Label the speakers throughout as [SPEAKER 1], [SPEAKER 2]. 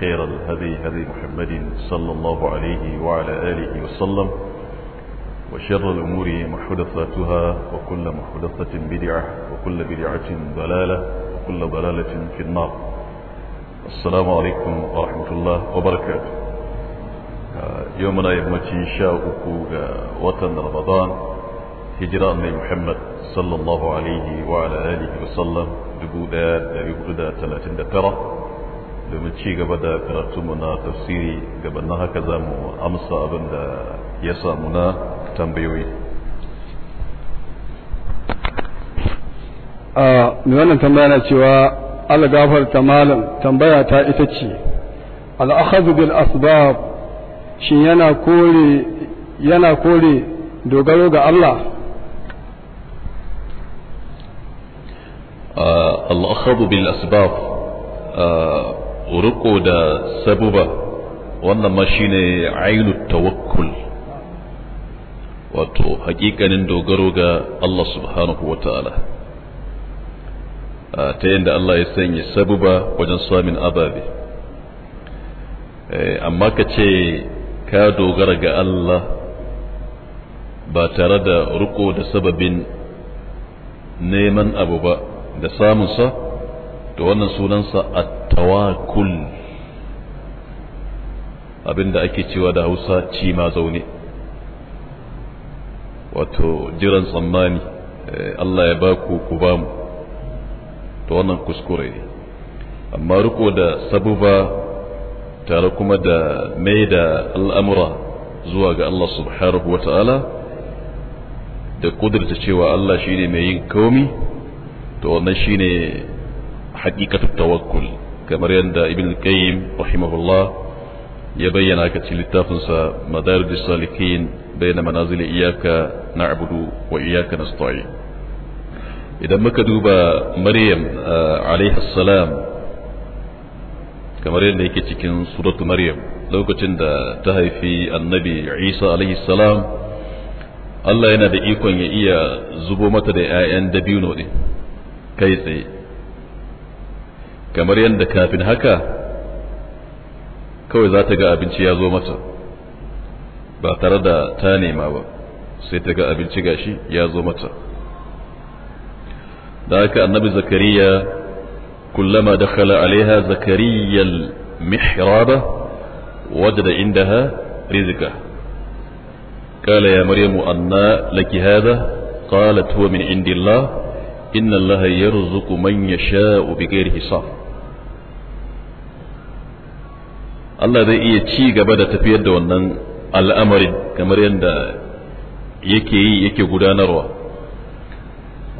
[SPEAKER 1] خير الهدي هدي محمد صلى الله عليه وعلى آله وسلم وشر الأمور محدثاتها وكل محدثة بدعة وكل بدعة ضلالة وكل ضلالة في النار السلام عليكم ورحمة الله وبركاته يومنا إن شاء وطن رمضان هجرة من محمد صلى الله عليه وعلى آله وسلم دبودا دبودا دكرة domin ci gaba da karatunmu na tafsiri gaba na haka za mu amsa abin da ya samu na tambayoyi
[SPEAKER 2] a wannan tambaya na cewa algafar ta malam tambaya ta ita ce al'akhadhu bil asbab shin yana kore yana kore dogaro ga Allah
[SPEAKER 1] al'akhadhu bil asbab riko da sabuba wannan ma shine ainu tawakkul wato hakikanin dogaro ga Allah subhanahu wa ta'ala ah, ta yadda Allah ya sanya sabuba wajen samun ababe eh, amma ka ce ka dogara ga Allah ba tare da riko da sababin neman abu ba da sa. to wannan sunansa a tawakkul abinda ake cewa da Hausa ci ma zaune wato jiran tsammani eh, Allah ya ba ku ku ba mu to wannan kuskure ne amma riko da sabuba tare kuma da mai da al'amura zuwa ga Allah subhanahu wa ta'ala da kudurta cewa Allah shi ne mai yin komi to wannan shi ne haqiqatu tawakkul kamar yadda ibn qayyim rahimahullah ya bayyana ka cikin littafinsa madarijus salikin bayyana manazil iyaka na'budu wa iyaka nasta'in idan muka duba maryam alaihi salam kamar yadda yake cikin suratu maryam lokacin da ta haifi annabi isa alaihi salam Allah yana da ikon ya iya zubo mata da 'ya'yan dabino ne kai tsaye kamar yadda kafin haka kawai za ta ga abinci ya zo mata ba tare da ta nema ba sai ta ga abinci gashi ya zo mata da haka annabi zakariya kullama dakhala alaiha zakariya mihraba wajada indaha ya قال يا مريم أنى لك هذا قالت هو من عند الله إن الله يرزق من يشاء بغير حساب Allah zai iya ci gaba da tafiyar da wannan al'amarin kamar yadda yake yi yake gudanarwa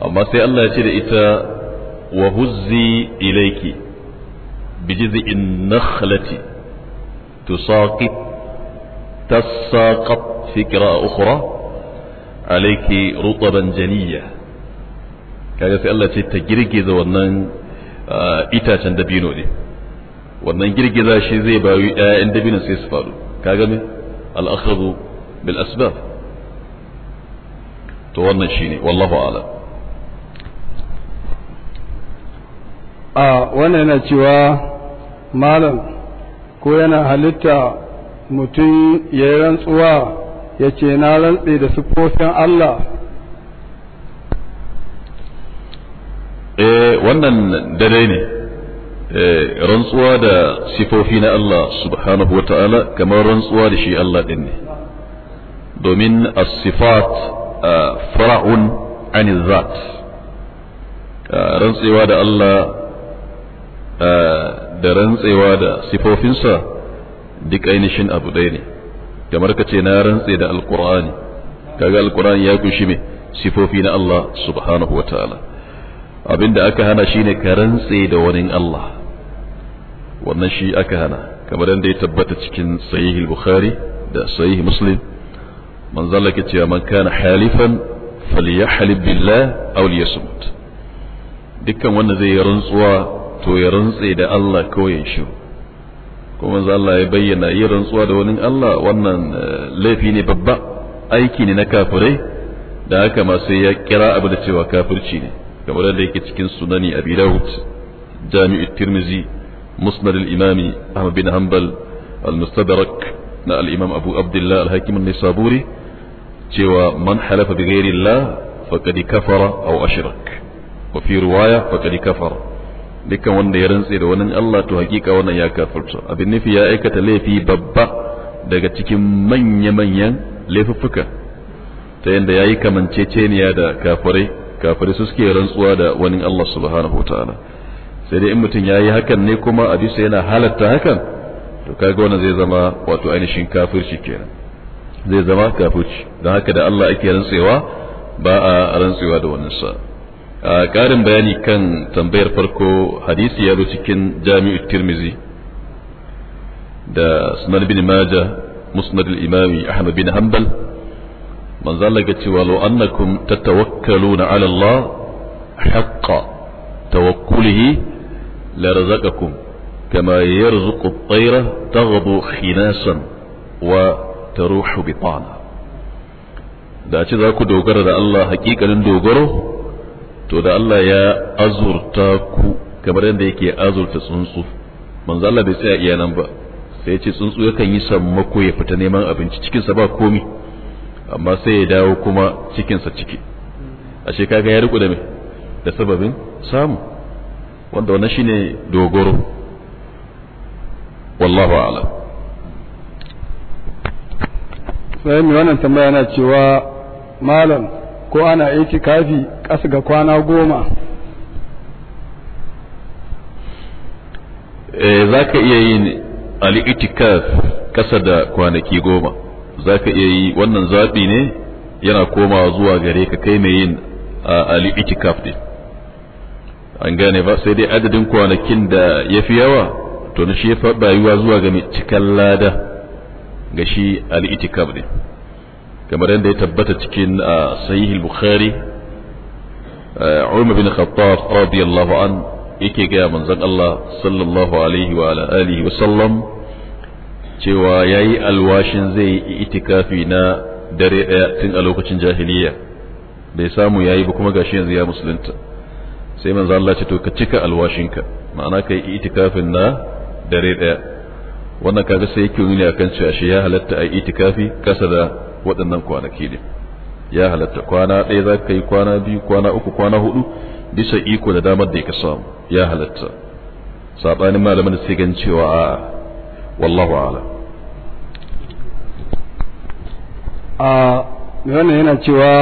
[SPEAKER 1] amma sai Allah ya ce da ita wa huzzi ilaiki bijiz'in nakhlati tusaqit tasaqat fi qira'a ukhra alayki rutaban janiya kaga sai Allah ce ta girgiza wannan ah, itacen dabino ne wannan girgiza shi zai bayu ƴaƴan dabino sai su faru kaga me al-akhdhu bil asbab to wannan shi ne, wallahu a'lam
[SPEAKER 2] a wannan yana cewa malam ko yana halitta mutum ya yi rantsuwa ya ce na rantse da siffofin Allah
[SPEAKER 1] eh wannan dare ne Eh, rantsuwa da sifofi na Allah subhanahu wa ta'ala kamar rantsuwa da shi Allah ɗin ne domin as-sifat eh, fara'un an zat eh, rantsewa da Allah da rantsewa da sifofinsa duk ainihin abu ɗaya ne kamar ka ce na rantse da alkur'ani kaga alkur'ani ya kunshi me sifofi na Allah subhanahu wa ta'ala abinda aka hana shine ka rantse da wani Allah wannan shi aka hana kamar yadda ya tabbata cikin sahih bukhari da sahih muslim manzo Allah cewa man kana halifan falyahlib billah aw liyasmut dukkan wanda zai yi rantsuwa to ya rantse da Allah ko ya shiru kuma manzo Allah ya bayyana yi rantsuwa da wani Allah wannan eh, laifi ne babba aiki ne na kafirai da haka ma sai ya kira abu da cewa kafirci ne kamar da yake cikin sunani abi dawud jami'ut tirmizi مسند الإمام أحمد بن حنبل المستدرك الإمام أبو عبد الله الحاكم النسابوري cewa man halafa bi ghairi Allah kafara aw ashrak wa fi riwaya kafara dukkan wanda ya rantse da wani Allah to hakika wannan ya kafirta abin nufi ya aikata laifi babba daga cikin manya manyan laifuffuka ta ya yayi kamanceceniya da kafirai kafirai su suke rantsuwa da wani Allah subhanahu wataala sai dai in mutum ya yi hakan ne kuma a bisa yana halatta hakan to kaga wannan zai zama wato ainihin kafirci kenan zai zama kafirci don haka da Allah ake rantsewa ba a rantsewa da wannan sa a ƙarin bayani kan tambayar farko hadisi ya cikin jami'ut tirmizi da sunan bin maja musnad al-imami ahmad bin hanbal manzo Allah ga cewa law annakum tatawakkaluna ala Allah haqqa larzaqakum kama yarzuqu at-tayra taghdu khinasan wa da ce za ku dogara da Allah hakikanin dogaro to da Allah ya azurta ku kamar yadda yake azurta tsuntsu manzo Allah bai tsaya iya nan ba sai ya ce tsuntsu yakan yi mako ya fita neman abinci cikinsa ba komi amma sai ya dawo kuma cikinsa ciki ashe kaga ya riko da me da sababin samu wanda wannan shine dogoro wallahu a'lam
[SPEAKER 2] sai mai wannan tambaya na cewa malam ko ana kafi ƙasa ga kwana goma
[SPEAKER 1] eh, za ka iya yin al'itikaf ƙasa da kwanaki goma za ka iya yi wannan zaɓi ne yana komawa zuwa gare ka kai mai yin ah, al'itikaf ne an gane ba sai dai adadin kwanakin da ya fi yawa to na shi ya bayuwa zuwa ga cikan lada ga shi al'itikaf ne kamar yadda ya tabbata cikin sahih bukhari umar bin khattab radiyallahu an yake ga manzon Allah sallallahu alaihi wa alihi wa sallam cewa yayi alwashin zai yi itikafi na dare daya tun a lokacin jahiliya bai samu yayi ba kuma gashi yanzu ya musulunta sai manzo Allah ce to ka cika alwashinka ma'ana kai itikafin na dare daya wannan kaga sai yake nuni akan cewa shi ya halatta ai itikafi kasa da waɗannan kwanaki ne ya halatta kwana ɗaya za ka yi kwana biyu kwana uku kwana hudu bisa iko da damar da ya samu ya halatta saɓanin malamin da sai gan cewa a wallahu ala
[SPEAKER 2] a wannan yana cewa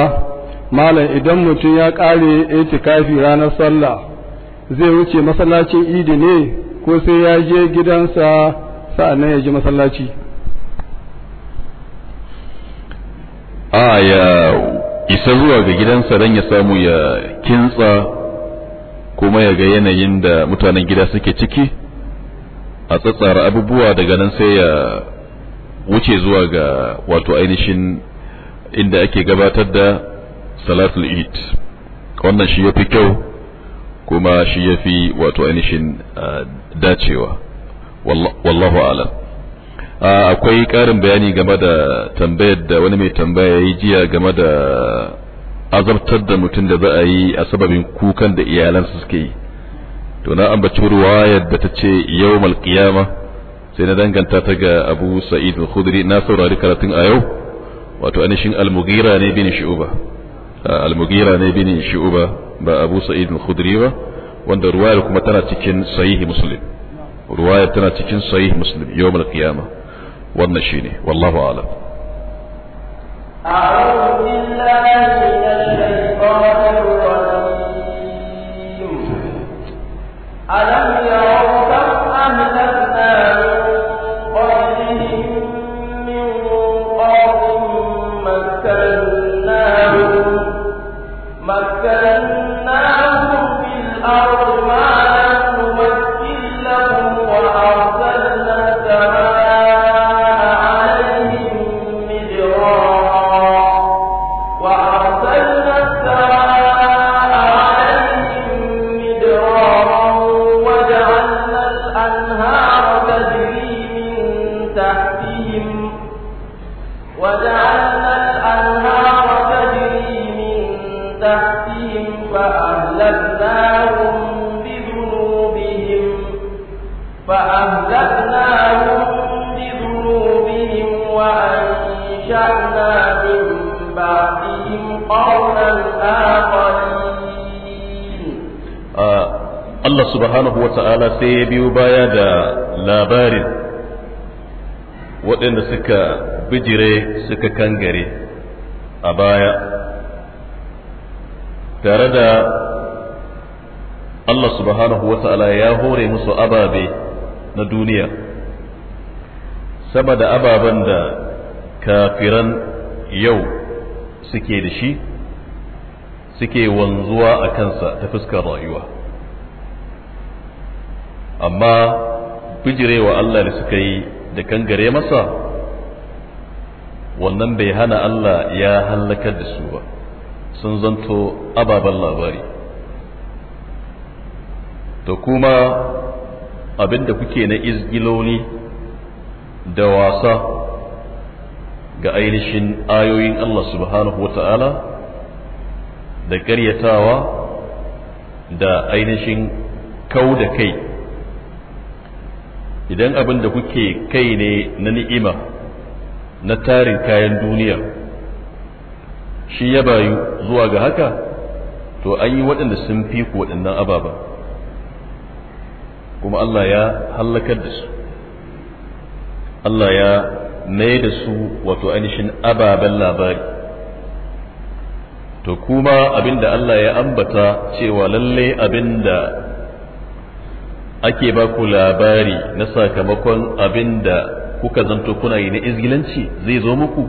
[SPEAKER 2] malam idan mutum ya ƙare itikafi ranar sallah zai wuce masallacin idi ne ko sai ya je gidansa sa'annan ya ji masallaci
[SPEAKER 1] a ya isa zuwa ga gidansa don ya samu ya kintsa kuma ya ga yanayin da mutanen gida suke ciki a tsatsara abubuwa daga nan sai ya wuce zuwa ga wato ainihin inda ake gabatar da salatul eid wannan shi ya fi kyau kuma shi ya fi wato ainihin ah, dacewa wallahu alam ah, akwai ƙarin bayani game da tambayar da wani mai tambaya ya yi jiya game da azabtar da mutum da za a yi a sababin kukan da iyalansa suke yi to na ambaci ruwayar da ta ce yau malkiyama sai na danganta ta ga abu sa'id al-khudri na saurari karatun a yau wato ainihin al-mughira ne bin shu'ba المغيرة نبيني شعوبة بأبو سعيد الخدري وان رواية لكم تنا تكين صحيح مسلم رواية تنا تكين صحيح مسلم يوم القيامة والنشيني والله أعلم
[SPEAKER 3] أعوذ بالله من الشيطان الرجيم ألم يرى
[SPEAKER 1] subhanahu wa ta'ala sai ya biyo baya da labarin waɗanda suka bijire suka kangare a baya tare da Allah subhanahu wa ta'ala ya hore musu ababe na duniya sama da ababen da kafiran yau suke da shi suke wanzuwa a kansa ta fuskar rayuwa amma bijirewa Allah da suka yi da kangare masa wannan bai hana Allah ya hallakar da su ba sun zanto ababen labari to kuma abinda kuke na izgiloni da wasa ga ainihin ayoyin Allah subhanahu wa ta'ala da ƙaryatawa da ainihin kau da kai idan abin da kuke kai ne na ni'ima na tarin kayan duniya shi ya bayu zuwa ga haka to an yi waɗanda sun fi ku waɗannan ababa kuma Allah ya hallakar da su Allah ya mai da su wato ainihin ababen labari to kuma abin da Allah ya ambata cewa lallai abin da ake ba ku labari na sakamakon abin da kuka zanto kuna yi na izgilanci zai zo muku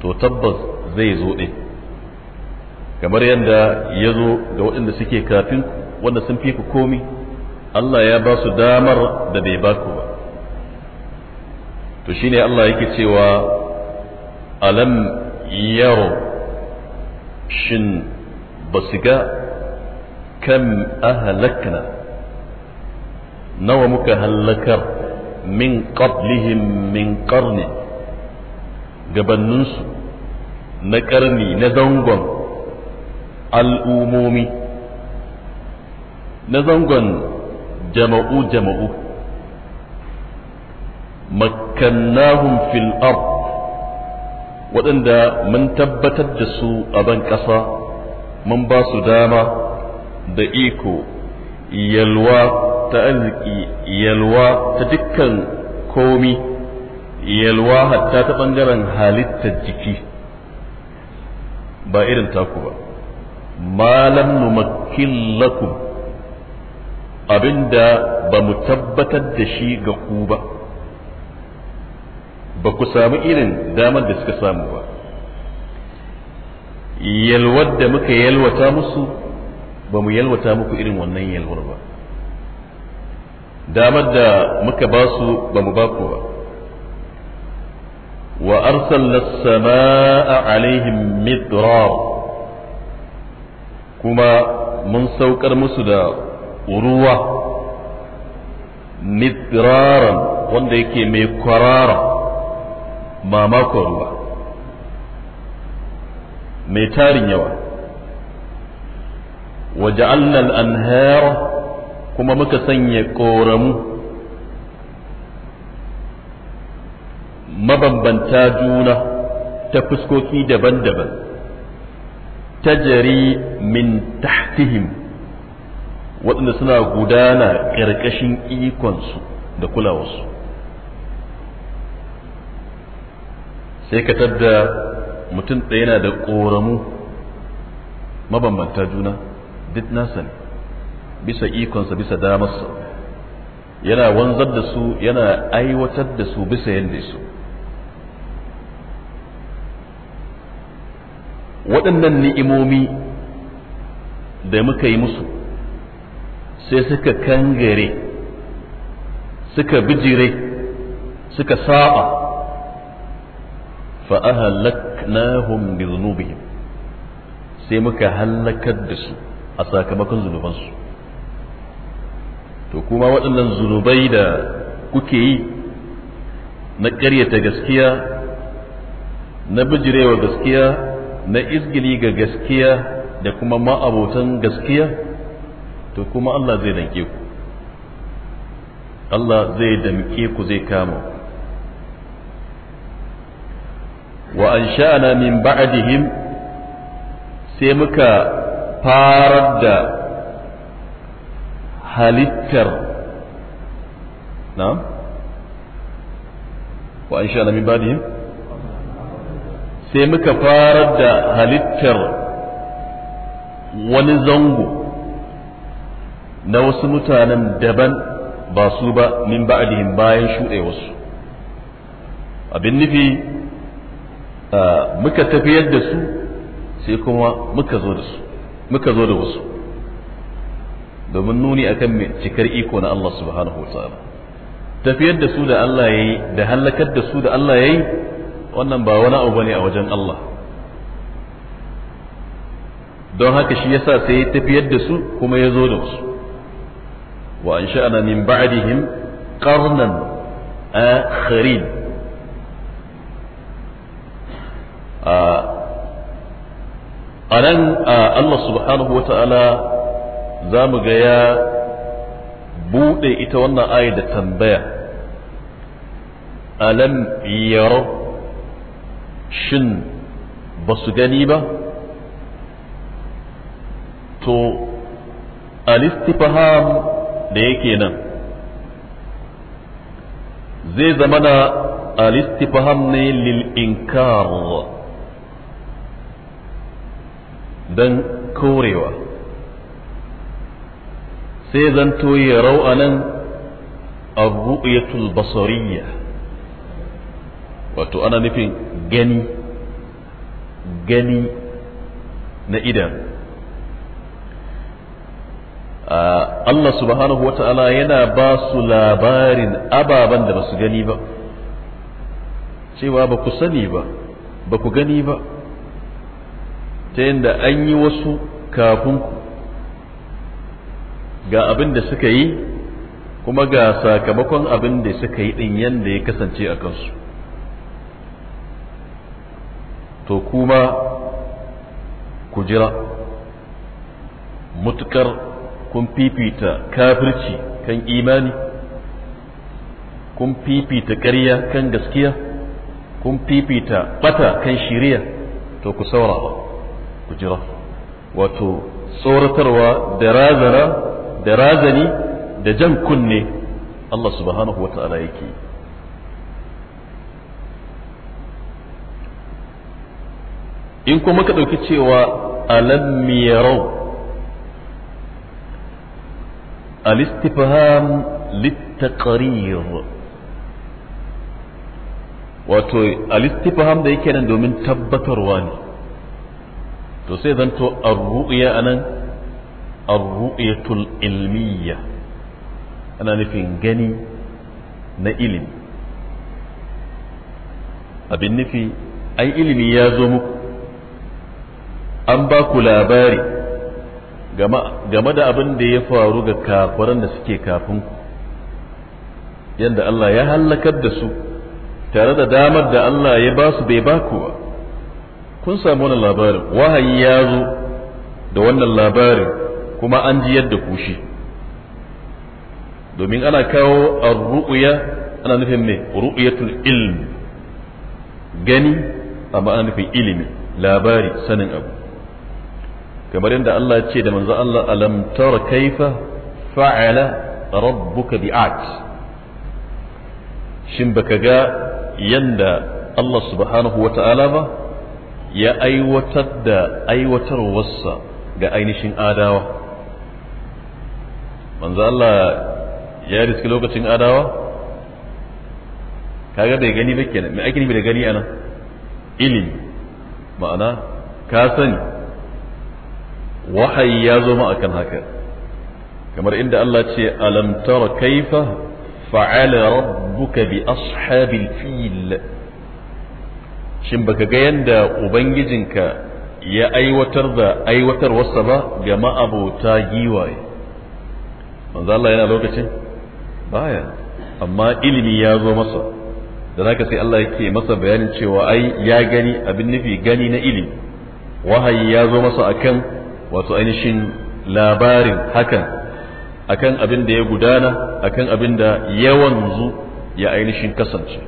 [SPEAKER 1] to tabbas zai zo ɗin kamar yadda ya zo ga waɗanda suke kafin wanda sun fi ku komi Allah ya ba su damar da bai ba ku ba to shine Allah yake cewa alam yaro shin ba su ga kan ahalakna nawa muka hallakar min qablihim min qarni gabanninsu na ƙarni na zangon al'umomi na zangon jama'u jama'u makkannahum fil ard waɗanda mun tabbatar da su a ban ƙasa mun ba su dama da iko yalwa ta arziki yalwa ta dukkan komi yalwa hatta ta ɓangaren halittar jiki ba irin taku ba malam numakkin lakum abinda ba mu tabbatar da shi ga ku ba ba ku samu irin damar da suka samu ba yalwar da muka yalwata musu ba mu yalwata muku irin wannan yalwar ba damar da muka ba su ba mu ba ku ba wa arsalna sama'a alaihim midrar kuma mun saukar musu da ruwa midraran wanda yake mai kwarara mamakon ruwa mai tarin yawa وجعلنا anhara kuma muka sanya ƙoramu mabambanta juna ta fuskoki daban-daban ta min tahtihim waɗanda suna gudana ƙarƙashin ikonsu da kulawarsu sai ka tadda mutum ɗaya yana da ƙoramu mabambanta juna duk nasa ne bisa ikonsa bisa damarsa
[SPEAKER 3] yana wanzar da
[SPEAKER 1] su yana aiwatar da su bisa yadda su waɗannan ni'imomi da muka yi musu sai suka kangare suka bijire suka sa'a fa'ahallaknahum bi zunubihim sai muka hallakar da su a sakamakon zunubansu to kuma waɗannan zunubai da kuke yi na ƙaryata gaskiya na bijirewa gaskiya na izgili ga gaskiya da kuma ma'abotan gaskiya to kuma Allah zai danke ku Allah zai damke ku zai kama wa an sha'ana min ba'dihim sai muka farar da halittar na'am wa an sha min badihim sai muka fara da halittar wani zango na wasu mutanen daban ba su ba min ba'dihim bayan shuɗe wasu abin nufi ah, muka tafiyar da su sai kuma muka zo da su muka zo da wasu domin nuni akan cikar iko na Allah subhanahu wa ta'ala tafiyar da su da Allah yayi da halakar da su da Allah yayi wannan ba wani abu a wajen Allah don haka shi yasa sai ya tafiyar da su kuma ya zo da su wa an sha'ana min ba'dihim qarnan akharin a nan Allah subhanahu wa ta'ala za mu ga ya buɗe ita wannan ayi da tambaya alam yaro shin ba su gani ba to alistifaham da yake nan zai zama na alistifaham ne lil inkar don korewa sai zan ya rau a nan arru'yatul wato ana nufin gani gani na idan Allah subhanahu wa ta'ala yana ba su labarin ababen da ba su gani ba cewa ba ku sani ba ba ku gani ba ta da an yi wasu kafin ku ga abin da suka yi kuma ga sakamakon abin da suka yi ɗin yadda ya kasance a kansu to kuma ku jira kun fifita kafirci kan imani kun fifita ƙarya kan gaskiya kun fifita bata kan shiriya to ku saurawa ku jira wato tsoratarwa da razara da razani da jan kunne Allah subhanahu wa ta'ala yake in kuma ka ɗauki cewa alam yarau الاستفهام wato alistifham da yake nan domin tabbatarwa ne to sai zanto ru'uya a nan. arru'yatul ilmiya ana nufin gani na ilimi abin nufi ai ilimi ya zo muku
[SPEAKER 2] an ba ku labari
[SPEAKER 1] game da abin da ya faru ga kafaran da suke kafin ku yadda Allah ya hallakar da su tare da damar da Allah ya ba su bai ba ku ba kun samu wannan labarin wahayi ya zo da wannan labarin kuma an ji yadda kushi domin ana kawo a ru'uya ana nufin ne ru'yatul ilm gani amma ana nufin ilimi labari sanin abu kamar yadda Allah ya ce da manzo Allah alam tara kaifa fa'ala rabbuka bi'at shin baka ga yanda Allah subhanahu ta'ala ba ya aiwatar da aiwatarwarsa ga ainihin adawa manzo Allah ya riski lokacin adawa kaga bai gani ba kenan me ake nufi da gani anan ilimi ma'ana ka sani wahayi ya zo ma akan haka kamar inda Allah ce alam tara kaifa fa'ala rabbuka bi ashabil fil shin baka ga yanda ubangijinka ya aiwatar da aiwatar aiwatarwarsa ba ga ma'abota giwaye manzo Allah yana lokacin baya amma ilimi ya zo masa da zaka sai Allah yake masa bayanin cewa ai ya gani abin nufi gani na ilimi wahayi ya zo masa akan wato ainihin labarin hakan akan abin da ya gudana akan abin da yawanzu ya ainihin kasance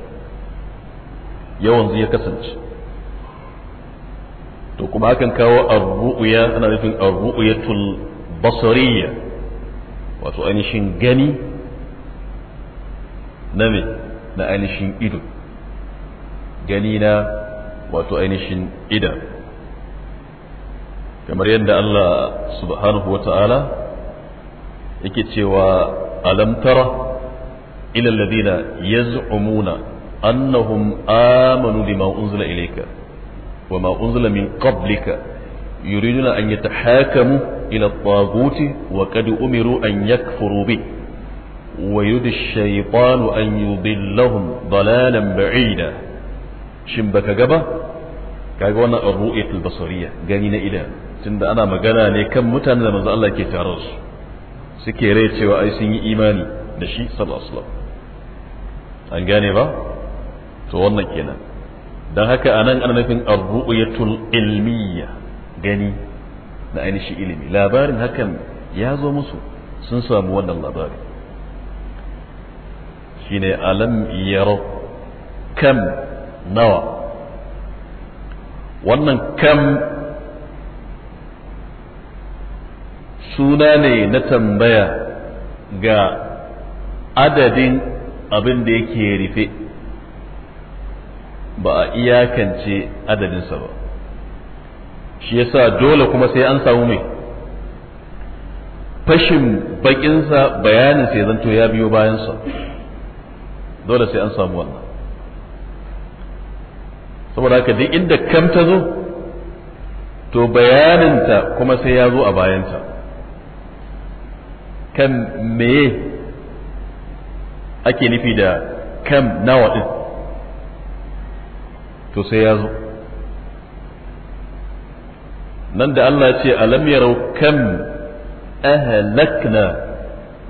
[SPEAKER 1] yawanzu ya kasance to kuma akan kawo arru'uya ana nufin arru'uyatul basariya wato ainihin gani na me na ainihin ido gani na wato ainihin idan kamar yadda Allah subhanahu wa ta'ala yake cewa alamtara ilal ila alladhina yaz'umuna annahum amanu bima unzila ilayka وما أنزل من قبلك يريدون أن يتحاكموا إلى الطاغوت وقد أمروا أن يكفروا به ويد الشيطان أن يضلهم ضلالا بعيدا شنبك جبا كاغونا الرؤية البصرية قالين إلى تند أنا مقالا لكم متانا لما الله كي تعرض سكيريت وأيسين إيماني نشي صلى الله عليه وسلم an gane ba to wannan kenan don haka anan ana nufin arru'yatul ilmiya gani na ainihin ilimi labarin hakan ya zo musu sun samu wannan labari ne alam yaro kam nawa wannan kam suna ne na tambaya ga adadin abin da yake rufe ba a iyakance adadinsa ba shi yasa dole kuma sai an samu mai fashin bakinsa bayanin sai zanto ya biyo bayansa dole sai an samu wannan saboda haka duk inda kam ta zo to bayaninta kuma sai ya zo a bayanta kan meye ake nufi da kam nawa din to sai ya zo nan da Allah ce alam yarau kam ahlakna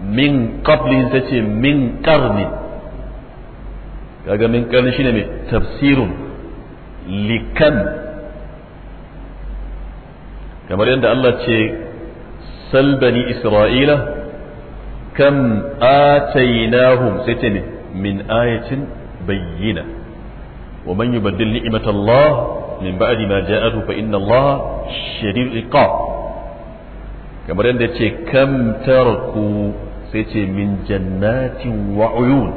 [SPEAKER 1] min qablin ta ce min qarni kaga min qarni shine mai tafsirun likan kamar yadda Allah ce sal bani isra'ila kam atainahum sai ce min ayatin bayyina ومن يبدل نعمة الله min ba'di ma ja'atuhu fa inna Allah shadidul iqab kamar yadda yace kam tarku sai ce min jannatin wa uyun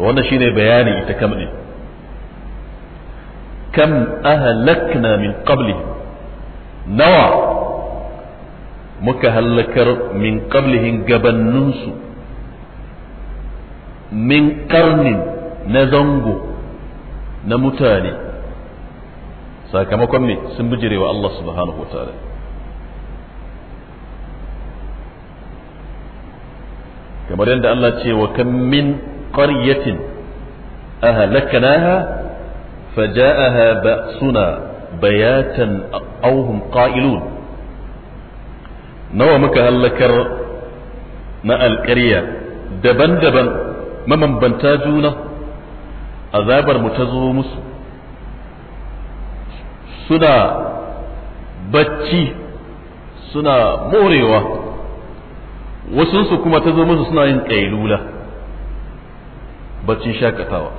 [SPEAKER 1] to wannan shine bayani ita kam din kam ahlakna min qabli nawa muka halakar min qablihin gabanninsu min karnin na zango na mutane sakamakon me sun bijire wa Allah subhanahu wa ta'ala kamar yadda Allah ce wa kam min qaryatin ahlaknaha faja'aha ba'suna bayatan aw hum qa'ilun nawa muka halakar na alƙarya daban-daban mabambanta juna azabar mu ta zo musu suna bacci suna morewa wasunsu kuma ta zo musu suna yin ƙailula baccin shakatawa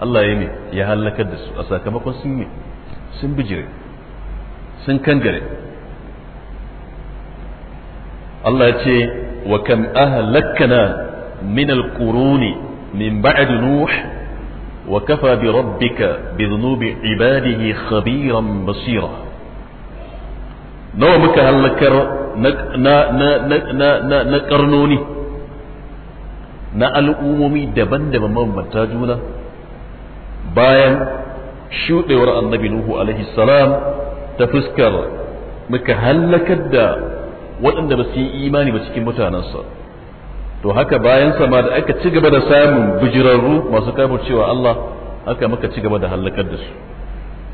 [SPEAKER 1] Allah ya ne ya hallakar da su a sakamakon sun ne sun bijire sun kangare Allah ya ce wa kam ahlakana min alquruni min ba'd nuh وكفى بربك بذنوب عباده خبيرا بصيرا نوى مكة هلكر na karnoni na al'ummomi daban-daban mabambanta juna bayan shuɗewar annabi Nuhu alaihi salam ta fuskar muka hallakar da waɗanda ba su yi imani ba cikin mutanensa. to haka bayan sama da aka ci gaba da samun bujirarru masu kafir cewa Allah haka muka ci gaba da hallakar da su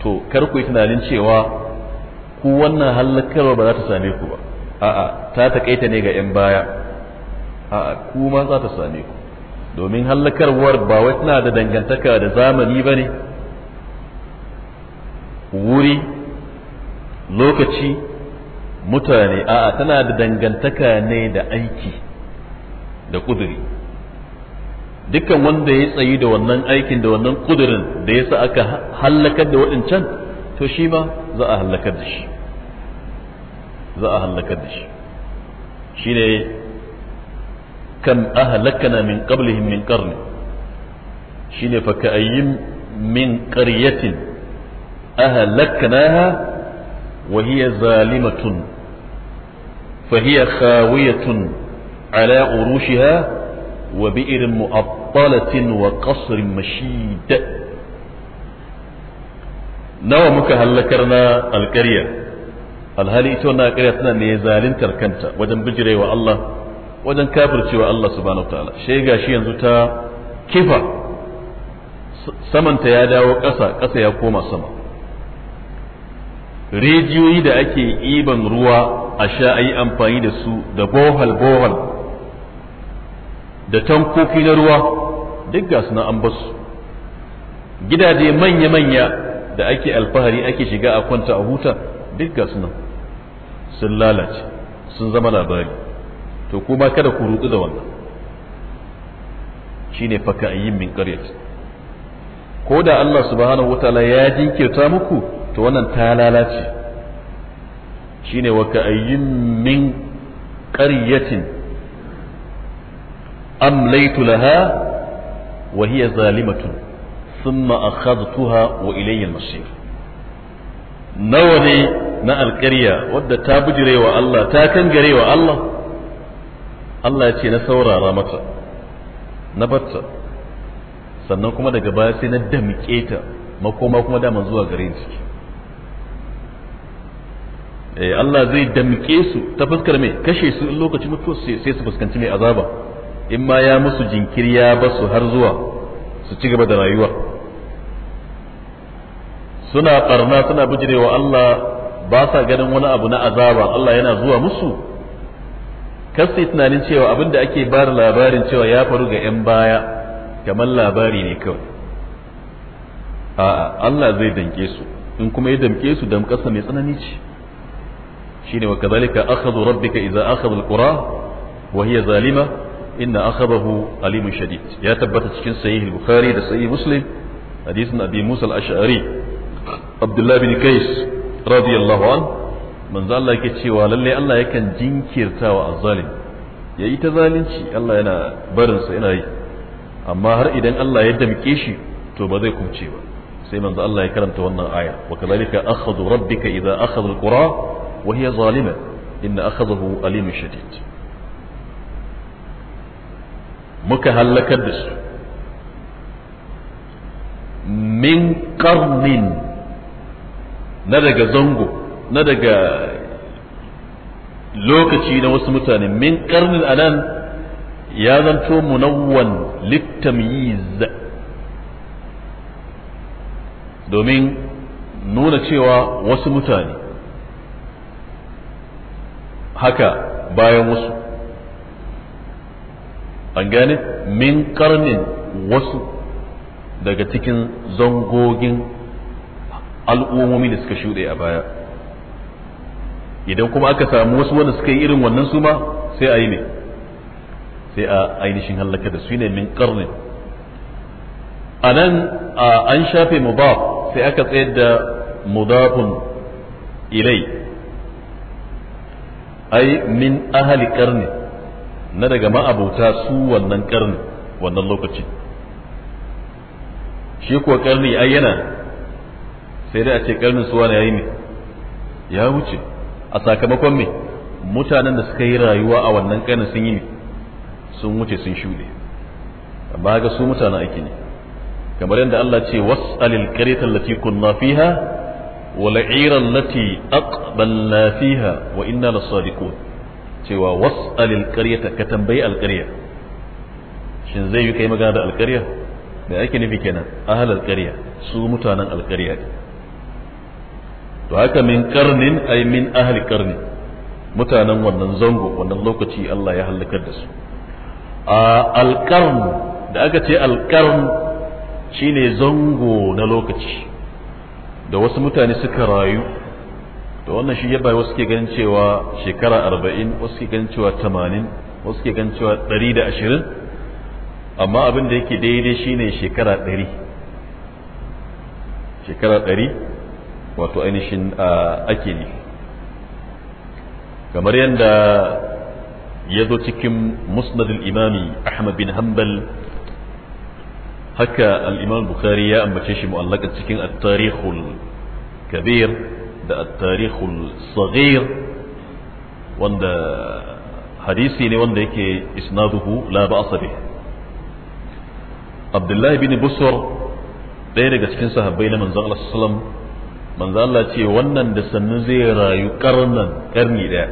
[SPEAKER 1] to kar ku yi tunanin cewa ku wannan halakarwa ba za ta same ku ba a'a ta takaita ne ga 'yan baya a'a ku ma za ta same ku domin hallakarwar ba wai tana da dangantaka da zamani ba ne wuri lokaci mutane a'a tana da dangantaka ne da aiki da kuduri dukkan wanda ya tsayi da wannan aikin da wannan kudurin da ya sa aka hallakar da waɗancan to shi ma za a hallakar da shi za a hallakar da shi shi ne kan ahalakana min qablihim min qarni shi ne fa ka'ayyin min qaryatin ahalaknaha wa hiya zalimatun fa hiya khawiyatun على عروشها وبئر nawa muka hallakar na alƙarya alhali ita wannan alƙarya tana ne zalintar kanta wajen bijirewa Allah wajen kafircewa Allah subhanahu ta'ala shi gashi yanzu ta kifa ta ya dawo ƙasa ƙasa ya koma sama rijiyoyi da ake iban ruwa a sha ayi amfani da su da bohal bohal da tankoki na ruwa duk ga suna an basu gidaje manya-manya da ake alfahari ake shiga a kwanta a huta duk ga suna sun lalace sun zama labari to kuma kada ku rutsu da wannan shine faka ayyin min qaryat ko da Allah subhanahu wataala ya jinkirta muku to wannan ta lalace shine waka a ayyin min qaryatin amlaitu laha wa hiya zalimatun thumma akhadtuha wa ilayya al-masir nawa ne na alƙarya wadda ta bijirewa Allah ta kangarewa Allah Allah ce na saurara mata na batta sannan kuma daga baya sai na damƙe ta makoma kuma daman zuwa gare ni Eh Allah zai damƙe su ta fuskar mai kashe su in lokacin mutuwa sai su fuskanci mai azaba in ma ya musu jinkiri ya basu har zuwa su ci gaba da rayuwa suna ɓarna suna bijirewa Allah ba sa ganin wani abu na azaba Allah yana zuwa musu kasi tunanin cewa abin da ake ba da labarin cewa ya faru ga 'yan baya kamar labari ne kawai a'a Allah zai danke su in kuma ya damke su damƙasa mai tsanani ce shine wa kazalika akhadhu rabbika idza akhadha alqura wa hiya zalima inna akhabahu alimun shadid ya tabbata cikin sahih bukhari da sahih muslim hadisin abi musa al-ash'ari abdullah bin kais
[SPEAKER 3] radiyallahu an
[SPEAKER 1] manzo Allah yake cewa lalle Allah yakan jinkirta wa azzalim yayi ta zalunci Allah yana barin sa yana yi amma har idan Allah ya damke shi to ba zai kumce ba sai manzo Allah ya karanta wannan aya wa kadhalika akhadhu rabbika idza akhadha al-qura wa hiya zalima inna akhadahu alimun shadid muka hallakar da su min karnin na daga zango na daga lokaci na wasu mutane min karnin anan ya zanto munawwan littamyiz domin nuna cewa wasu mutane haka bayan wasu an gane min karnin wasu daga cikin zangogin al'ummomi da suka shuɗe a baya idan kuma aka samu wasu wanda suka yi irin wannan su ma sai a yi ne sai a ainihin hallaka da su ne min karnin a nan an shafe mudaf sai aka tsayar da mudafun ilai ai min ahali karnin na daga ma'abauta su wannan karni wannan lokaci shi kuwa karni ai yana sai dai a ce karnin su wani yayi ne ya wuce a sakamakon me mutanen da suka yi rayuwa a wannan karni sun yi sun wuce sun shuɗe amma ga su mutanen aiki ne kamar yadda Allah ce was'alil qaryata allati kunna fiha wal 'ira allati aqbalna fiha wa inna lasadiqun cewa was'alil qaryata ka tambayi alqarya shin zai yi kai magana da alqarya da ake nufi kenan ahal alqarya su mutanen alqarya ne to haka min qarnin ay min ahli qarni mutanen wannan zango wannan lokaci Allah ya halakar da su a alƙarn da aka ce alƙarn shine zango na lokaci da wasu mutane suka rayu to wannan shi yadda wasu ke ganin cewa shekara arba'in wasu ke ganin cewa tamanin wasu ke ganin cewa ɗari da ashirin amma abin da yake daidai shine shekara ɗari shekara ɗari wato ainihin a ake ne kamar yadda ya zo cikin musnadul imami ahmad bin hanbal haka al bukhari ya ambace shi mu'allakan cikin at-tarikhul kabir da at-tarikhul saghir wanda hadisi ne wanda yake isnaduhu la ba'sa bih Abdullahi bin Busur ɗaya daga cikin sahabbai na manzon Allah sallallahu alaihi wasallam manzo Allah ce wannan da sannan zai rayu karnan karni daya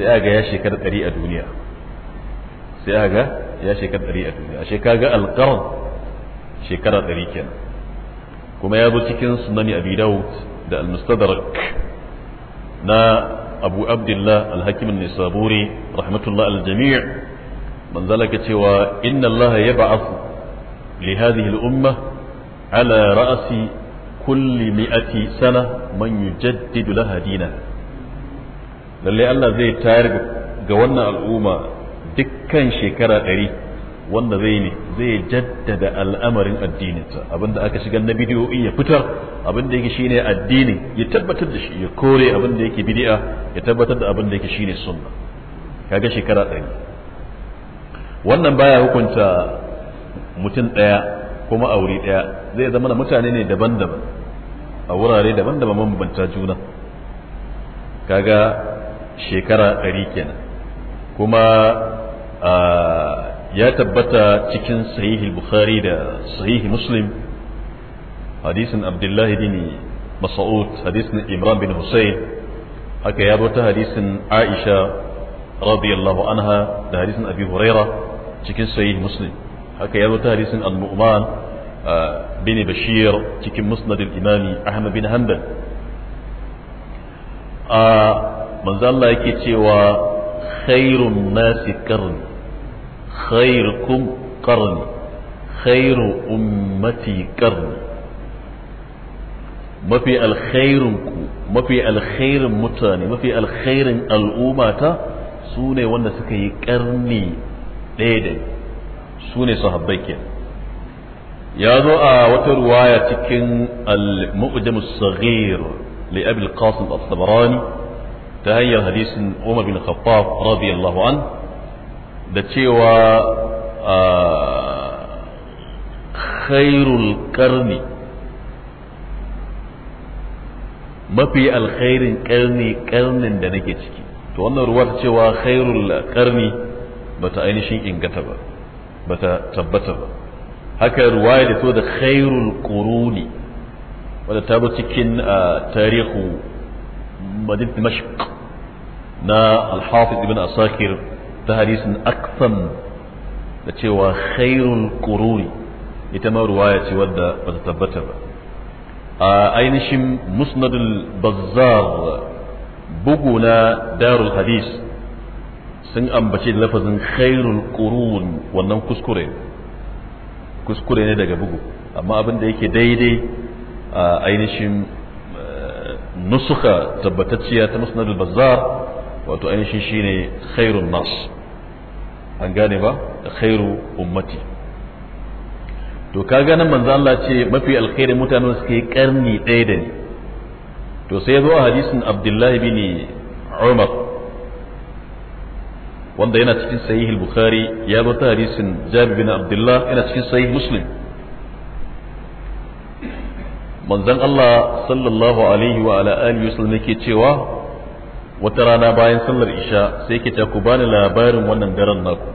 [SPEAKER 1] sai aga ya shekara ɗari a duniya sai aga ya shekara ɗari a duniya a shekara ga alƙaran shekara ɗari kenan kuma ya zo cikin sunani abi dawud da almustadrak na abu abdullah al nisaburi rahmatullah al-jami' man cewa inna allaha yab'athu li hadhihi al-umma ala ra'si kulli mi'ati sana man yujaddidu laha dinaha lalle Allah zai tayar ga wannan al'umma dukkan shekara ɗari wanda zai ne zai jaddada al'amarin addininsa abinda aka shiga na bidiyoyi ya fitar abinda yake shine addini ya tabbatar da shi ya kore abinda yake bidi'a ya tabbatar da abinda yake shine sunna kaga shekara ɗari wannan baya hukunta mutum ɗaya kuma aure ɗaya zai zama da mutane ne daban-daban a wurare daban-daban mabambanta juna kaga shekara ɗari kenan kuma ah, ya tabbata cikin sahihi bukhari da sahihi muslim hadisin abdullahi bin mas'ud hadisin imran bin husayn haka ya bata hadisin aisha radiyallahu anha da hadisin abi huraira cikin sahihi muslim haka ya bata hadisin al muman ah, bin bashir cikin musnad al-imami ahmad bin hanbal a ah, manzo Allah yake cewa khairun nasi karni khairukum qarni khairu ummati qarni mafi alkhairin ku mafi alkhairin mutane mafi alkhairin al'ummata su ne wanda suka yi karni ɗaya da su ne ya zo a wata ruwaya cikin al-mu'jam as-saghir li abi ta hanyar hadisin Umar bin Khattab an da cewa khairul karni mafi alkhairin karni karnin da nake ciki to wannan ruwa ta cewa khairul karni bata ainihin ingata ba bata tabbata ba haka ruwaya da to da khairul quruni wadda ta bi cikin tarihu madinat dimashq na al-hafiz ibn asakir ta hadisin akfam da cewa khairun quruni ita ma ruwaya ce wadda ba ta tabbata ba a ainihin musnadul bazzar bugu na darul hadis sun ambace da lafazin khairul qurun wannan kuskure kuskure ne daga bugu amma abin da yake daidai a ainihin eh, nusuka tabbatacciya ta musnadul bazzar wato ainihin shine khairun nas an gane ba khairu ummati to ka ganin manzo Allah ce mafi alkhairin mutanen suke karni ɗaya da ni to sai zo a hadisin Abdullahi bin Umar wanda yana cikin sahih al-Bukhari ya zo ta hadisin Jabir bin Abdullah yana cikin sahih Muslim manzon Allah sallallahu alaihi wa ala alihi wasallam yake cewa wata rana bayan sallar isha sai ke ta ku bani labarin wannan daren naku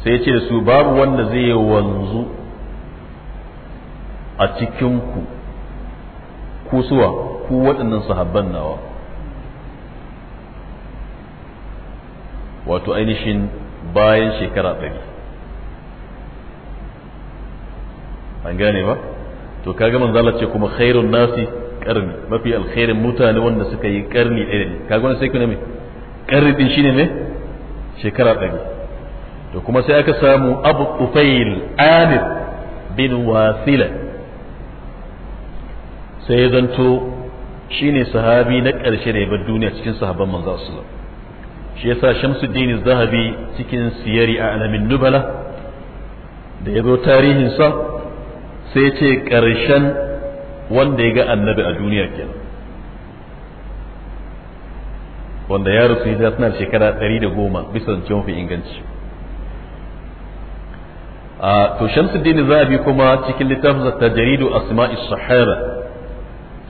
[SPEAKER 1] sai ya ce da su babu wanda zai yi wanzu a cikinku ku suwa ku waɗannan sahabban nawa wato ainihin bayan shekara ɗari an gane ba to kaga manzala ce kuma khairun nasi karni mafi alkhairin mutane wanda suka yi karni ɗaya ne kaga wani sai kuna me karni din shine ne shekara ɗari to kuma sai aka samu abu tufail amir bin wasila sai ya zanto shine sahabi na ƙarshe da ya bar duniya cikin sahabban manzo sallallahu shi yasa shamsuddin zahabi cikin siyari a alamin nubala da ya zo tarihinsa sai ce ƙarshen wanda ya ga annabi a duniya kenan wanda ya rasu hijira tana shekara 110 bisa zance mafi inganci a za a bi kuma cikin littafin ta jaridu sima'i sahara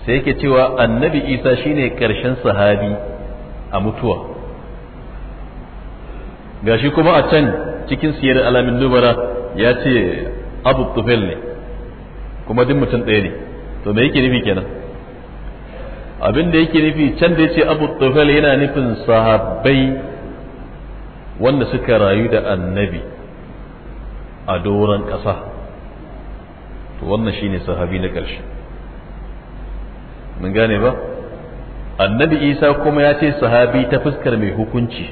[SPEAKER 1] sai yake cewa annabi isa shine karshen sahabi a mutuwa gashi kuma a can cikin siyar alamin dubara ya ce abu tufel ne kuma duk mutum ɗaya ne to me yake nufi kenan abin da yake nufi can da yace abu tufal yana nufin sahabbai wanda suka rayu da annabi a doron ƙasa to wannan shine sahabi na ƙarshe mun gane ba annabi isa kuma ya ce sahabi ta fuskar mai hukunci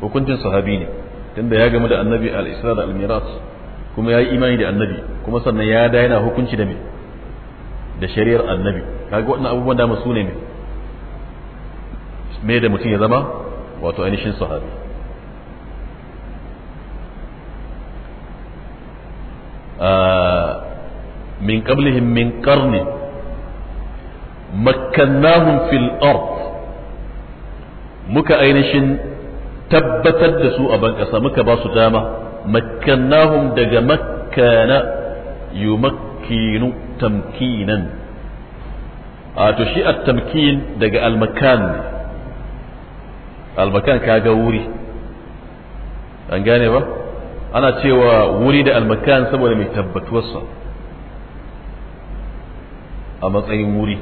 [SPEAKER 1] hukuncin sahabi ne tunda ya gamu da annabi al-isra da al-miras kuma ya yi imani da annabi kuma sannan ya da yana hukunci da me da shari'ar annabi kaga waɗannan abubuwan da su ne me da mutum ya zama wato ainihin sahabi ah, min qablihim min qarni makkannahum fil ard muka ainihin tabbatar da su a ban ƙasa muka ba su dama makkannahum daga makkana yumakkinu tamkinan a to shi at-tamkin daga al-makan kaga wuri an gane ba ana cewa wuri da almakan saboda mai tabbatuwarsa a matsayin wuri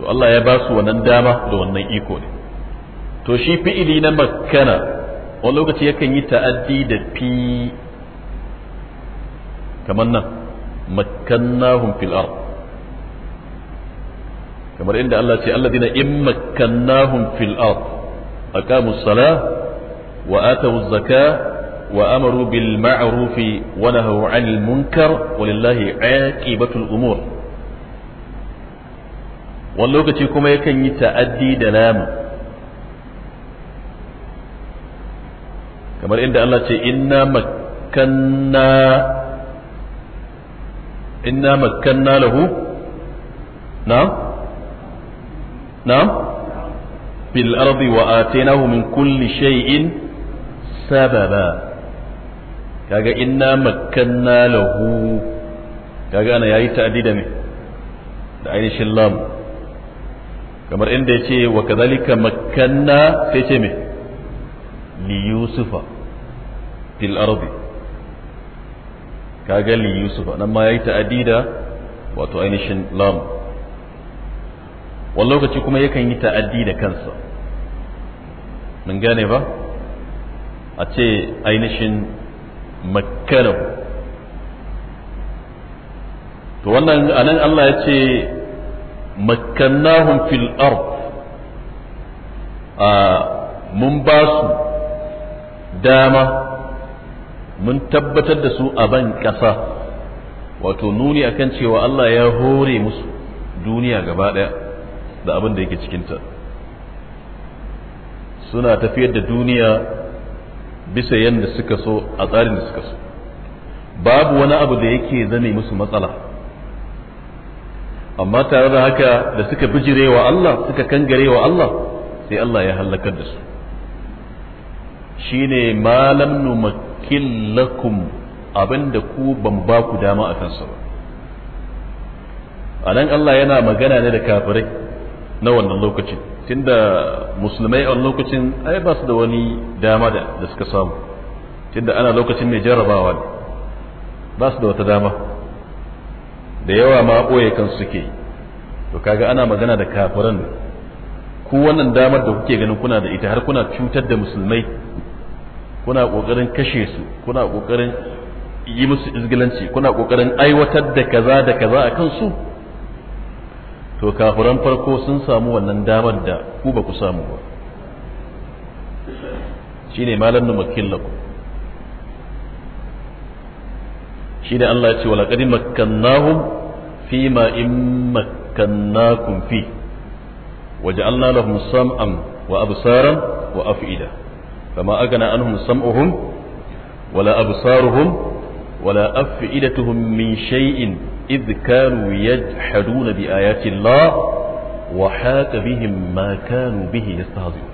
[SPEAKER 1] to Allah ya basu su wannan dama da wannan iko ne to shi fi'ili na makana wani lokaci yakan yi ta'addi da fi kamar nan makkannahum fil ard kamar inda Allah ce dina in makkannahum fil ard aqamu salah wa atu zakah وأمروا munkar ونهوا عن umur ولله lokaci kuma واللوكة كما يكن يتأدي lamu. kamar inda Allah ce inna makkanna inna makanna lahu na na'am fil ardi wa atainahu min kulli shay'in sababa kaga inna makanna lahu kaga ana yayi ta'dida ne da ainihin lam kamar inda yace wa kadhalika makanna, sai ce me li yusufa fil ardi kaga li yusufa nan ma yayi ta'adida wato ainihin lam wani lokaci kuma yakan yi ta'addi da kansa mun gane ba a ce to wannan anan Allah ya ce makkannahum fil ard mun ba su dama mun tabbatar da su a ban ƙasa wato nuni akan cewa Allah ya hore musu duniya gaba ɗaya da abin da yake cikinta suna tafiyar da duniya bisa yadda suka so a tsarin da suka so babu wani abu da yake zane musu matsala amma tare da haka da suka bijirewa Allah suka kangarewa Allah sai Allah ya hallakar da su shine malam numakkin lakum abinda ku ban ba ku dama a kansa ba a nan Allah yana magana ne da kafirai na wannan lokacin tunda musulmai a lokacin ai ba su da wani dama da suka samu tunda ana lokacin mai jarrabawa ne ba su da wata dama da yawa ma ɓoye kan suke to kaga ana magana da kafiran ku wannan damar da kuke ganin kuna da ita har kuna cutar da musulmai kuna ƙoƙarin kashe su kuna ƙoƙarin yi musu izgilanci kuna ƙoƙarin aiwatar da kaza da kaza a kansu to kafuran farko sun samu wannan damar da ku ba ku samu ba shine malam killaku? Shi ne Allah ya ce wala makannahu fi ma in makkannakum fi waja'alna lahum sam'an wa absaran wa af'ida فما أغنى عنهم سمعهم ولا أبصارهم ولا أفئدتهم من شيء إذ كانوا يجحدون بآيات الله وحاك بهم ما كانوا به يستهزئون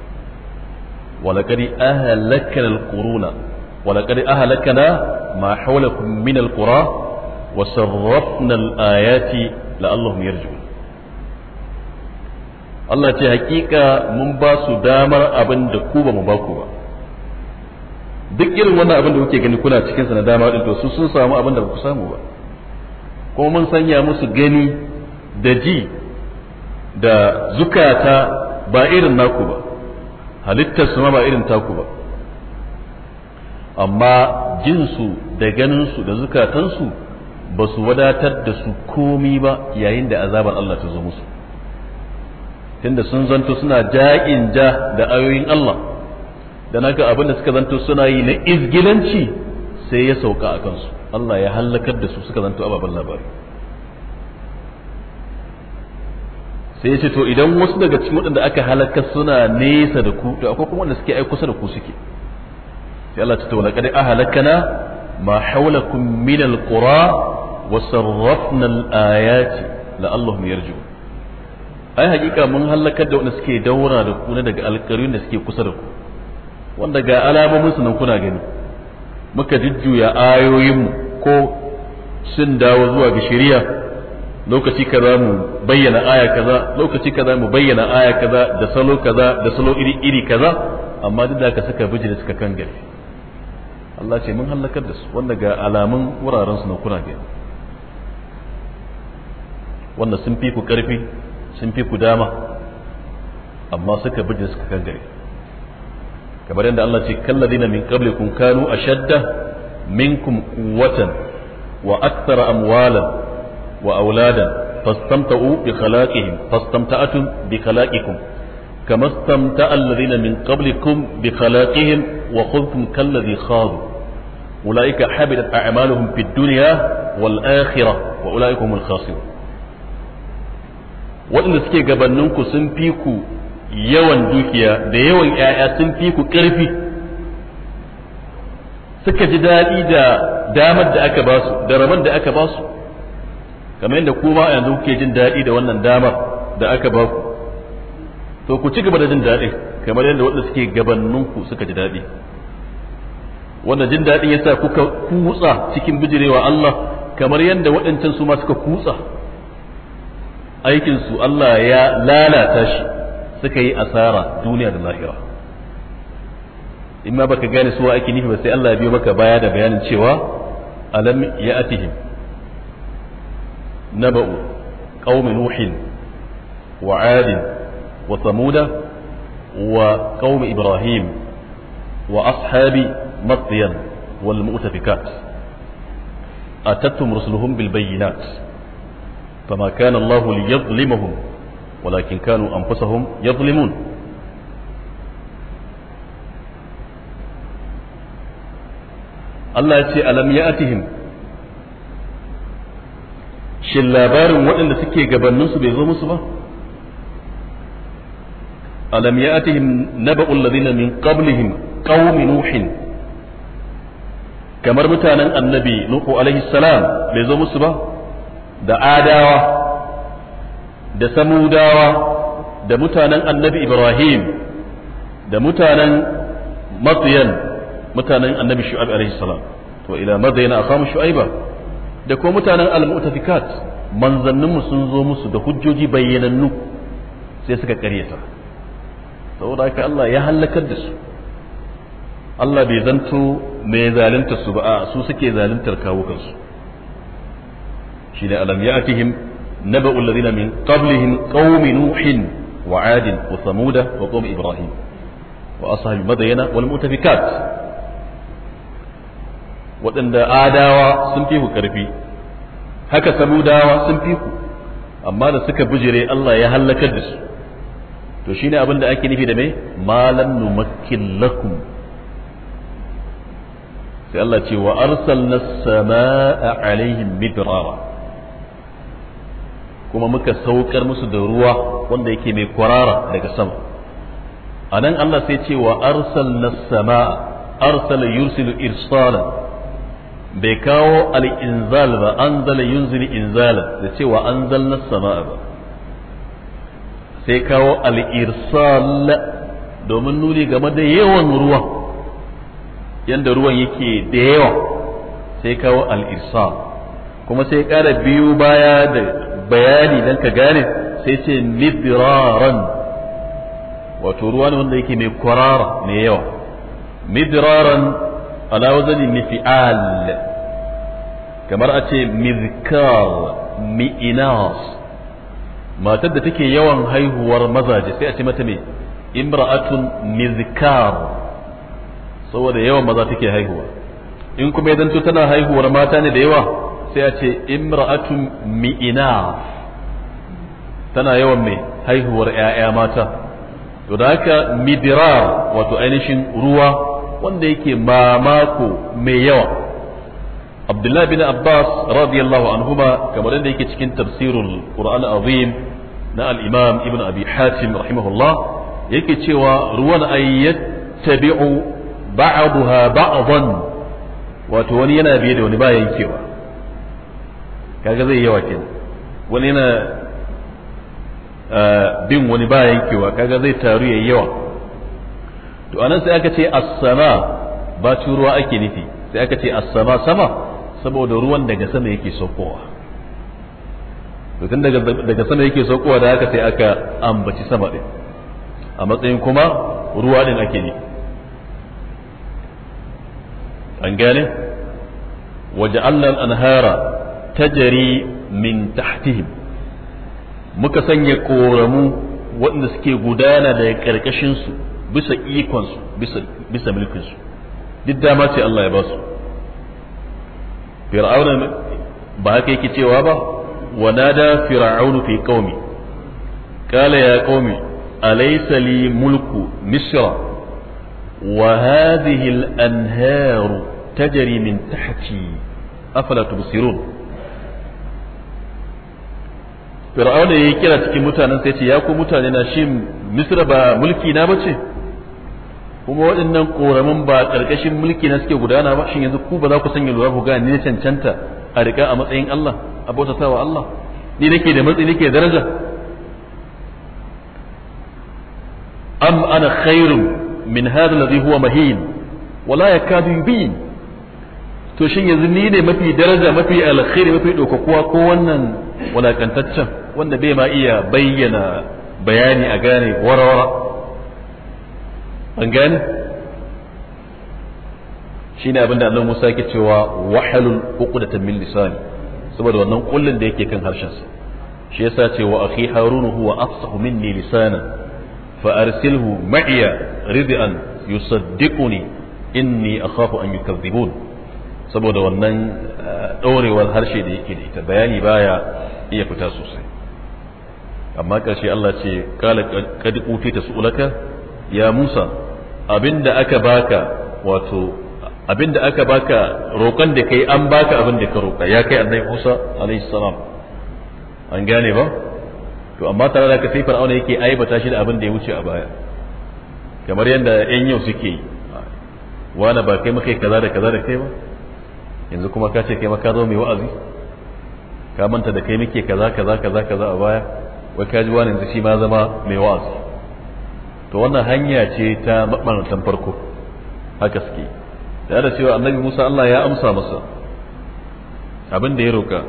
[SPEAKER 1] ولقد أهلكنا القرون ولقد أهلكنا ما حولكم من القرى وصرفنا الآيات لعلهم يرجعون Allah ce hakika mun ba su damar abin da ku ba mu ba ku ba duk irin wannan abin da kuke gani kuna cikin na dama din to su sun samu abin da ba ku samu ba kuma mun sanya musu gani da ji da zukata ba irin naku ba halittar su ma ba irin taku ba amma jinsu da ganinsu da zukatansu ba su wadatar da su komi ba yayin da azabar Allah ta zo musu tunda sun zanto suna ja'in ja da ayoyin Allah da naga abin da suka zanto suna yi na izgilanci sai ya sauka a kansu Allah ya hallakar da su suka zanto ababen labari sai ya ce to idan wasu daga cikin waɗanda aka halakar suna nesa da ku to akwai kuma wanda suke ai kusa da ku suke sai Allah ta tawala kada ahalakana ma hawlakum min alqura wa sarrafna alayati la'allahum yarji'un ai hakika mun halakar da wanda suke daura da ku na daga alƙaryun da suke kusa da ku wanda ga alamomin su nan kuna gani muka jujjuya ayoyinmu ko sun dawo zuwa ga shari'a lokaci kaza mu bayyana aya kaza lokaci kaza mu bayyana aya kaza da salo kaza da salo iri iri kaza amma duk da ka suka bijira suka kan gari Allah ce mun halakar da su wanda ga alamun wuraren su na kuna gani wanda sun fi ku karfi sun fi ku dama amma suka bijira suka kan gari kamar yadda Allah ce kalladina min qablikum kanu ashadda minkum quwwatan wa akthara amwalan wa auladan fastamta'u bi khalaqihim fastamta'atum bi khalaqikum كما استمتع الذين من قبلكم بخلاقهم وخذتم كالذي خاضوا أولئك حبلت أعمالهم في الدنيا والآخرة وأولئك هم الخاسرون وإن سكي قبننكم سنفيكم yawan dukiya da yawan 'ya'ya sun fi ku ƙarfi suka ji daɗi da damar da aka ba su da rabar da aka ba su kamar yadda kuma yanzu kuke jin daɗi da wannan damar da aka ba ku to ku ci gaba da jin daɗi kamar yadda waɗanda suke gabaninku suka ji daɗi wanda jin daɗin yasa kuka kutsa cikin bijirewa Allah kamar yadda waɗancan su ma suka kutsa aikinsu Allah ya lalata shi suka yi asara duniya da lahira in ma baka gane suwa ake nufi ba sai Allah ya biyo maka baya da bayanin cewa alam ya'tihim naba'u qaumi nuhin wa 'ad wa samuda wa qaumi ibrahim wa ashabi madyan wal mu'tafikat atatum rusuluhum bil bayyinat فما كان الله ليظلمهم walakin kanu anfusahum yadhlimun Allah ya ce alam ya'tihim shin labarin waɗanda suke gabaninsu bai zo musu ba alam ya'tihim naba'ul ladina min qablihim ƙaunin nuhin kamar mutanen annabi nuhu alaihi salam bai zo musu ba da adawa da samudawa da mutanen annabi ibrahim da mutanen Matsiyan, mutanen annabi shu'aib alaihi salam to ila madayna akamu shu'aiba da kuma mutanen al-mu'tafikat manzanninmu sun zo musu da hujjoji bayyanannu sai suka karyata saboda haka Allah ya halakar da su Allah bai zanto mai zalunta su ba su suke zaluntar kawo kansu shine alam ya'tihim نبأ الذين من قبلهم قوم نوح وعاد وثمود وقوم إبراهيم وأصحاب مدين والمؤتفكات وأن آداوا سنفيه كرفي هكا ثموداوا سنفيه أما نسك بجري الله يهل كدس to shine abin da ake nufi da mai malam numakkin lakum sai Allah ce wa arsalna samaa alaihim midrara kuma muka saukar musu da ruwa wanda yake mai kwarara daga sama a nan Allah sai ce wa arsalna sama'a arsala yursilu irsala bai kawo al-inzal ba anzala yunzilu inzala da cewa na sama'a ba sai kawo al-irsal domin nuni game da yawan ruwa yadda ruwan yake da yawa sai kawo al kuma sai ƙara biyu baya da bayani dan ka gane sai ce midiraran. wato ruwa ne wanda yake mai kwarara mai yawa midraran ala mifi'al kamar a ce mizkar mi'inas matar da take yawan haihuwar mazaje sai a ce mata mai imra'atun mizkar saboda yawan maza take haihuwa in kuma idan tana haihuwar mata ne da yawa sai ya ce imra'atun mi'ina tana yawan mai haihuwar 'ya'ya mata to da haka midirar wato ainihin ruwa wanda yake mamako mai yawa abdullah bin abbas radiyallahu anhuma kamar yadda yake cikin tafsirul qur'an azim na al-imam ibn abi hatim rahimahullah yake cewa ruwan ayyattabi'u ba'daha ba'dan wato wani yana biye da wani ba yankewa kaga zai yawa kenan wani yana eh, bin wani ba yankewa kaga zai taru ya yawa to anan sai aka ce as-sama ba ruwa ake nufi sai aka ce as-sama sama saboda ruwan daga sama yake saukowa to tun daga sama yake saukowa da haka sai aka ambaci sama din a matsayin kuma ruwa din ake nufi an gane waje allan anhara tajari min tahtihim muka sanya koramu waɗanda suke gudana da ƙarƙashinsu bisa ikonsu bisa mulkinsu duk dama ce Allah ya ba su fir'auna ba haka yake cewa ba wa nada fir'aunu fi qaumi qala ya qaumi alaysa li mulku misra wa hadhihi al-anharu tajri min tahti afala tubsirun fir'auna yayi kira cikin mutanen sai ce ya ku mutane na shi misra ba mulki na bace kuma waɗannan koramin ba ƙarƙashin mulki na suke gudana ba shin yanzu ku ba za ku sanya lura ku gane ne cancanta a riƙa a matsayin Allah a bauta bautatawa Allah ni nake da matsayi nake daraja am ana khairun min hadha alladhi huwa mahin wala yakadu bi to shin yanzu ni ne mafi daraja mafi alkhairi mafi ɗaukakuwa ko wannan walakantaccen wanda bai ma iya bayyana bayani a gane warawara an gane shi ne abinda annabi Musa yake cewa wahalul uqdatan min lisani saboda wannan kullun da yake kan harshensa shi yasa ce wa akhi harun huwa afsahu minni lisanan fa arsilhu ma'iya ridan yusaddiquni inni akhafu an yukadhibun saboda wannan dorewar eh, harshe da yake da ita bayani baya iya fita sosai amma ƙarshe Allah ce kala kad utita su'ulaka ya Musa abinda aka baka wato abinda aka baka roƙon da kai an baka abin da ka roƙa ya kai annabi Musa alaihi salam an gane ba to amma tare da ka sai Fir'auna yake aibata shi da abin da ya wuce a baya kamar yadda ƴan yau suke yi wani ba kai maka kaza da kaza da kai ba yanzu kuma ka ce kai maka zo mai wa'azi ka manta da kai muke kaza kaza kaza kaza a baya wai ka ji wani yanzu shi ma zama mai wa'az to wannan hanya ce ta mabarantan farko haka suke da da cewa annabi Musa Allah ya amsa masa abin da ya roka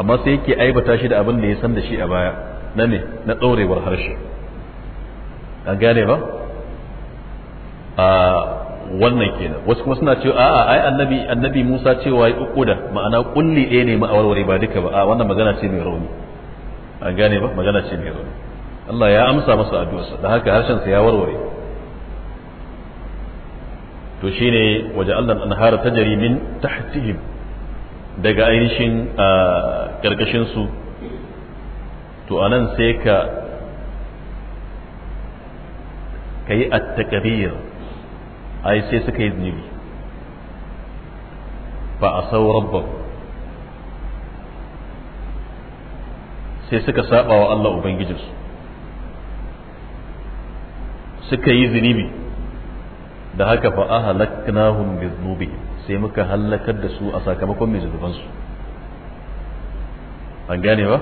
[SPEAKER 1] amma sai yake aibata shi da abin da ya san da shi a baya na ne na ɗaurewar harshe an gane ba a wannan kenan wasu kuma suna cewa a'a ai annabi annabi Musa cewa ya ƙuƙuda ma'ana kulli ɗaya ne ma'awarware ba duka ba a wannan magana ce mai rauni an gane ba magana ce mai Allah ya amsa masa addu'arsa da haka harshen sa ya warware to shine waje Allah hara tajri min tahtihim daga ainihin karkashin su to anan sai ka kai at-takbir ai sai suka yi zunubi fa asau rabbahu sai suka saba wa Allah ubangijinsu suka yi zunubi da haka fa ahlaknahum bi dhunubi sai muka hallakar da su a sakamakon mai zunubansu an gane ba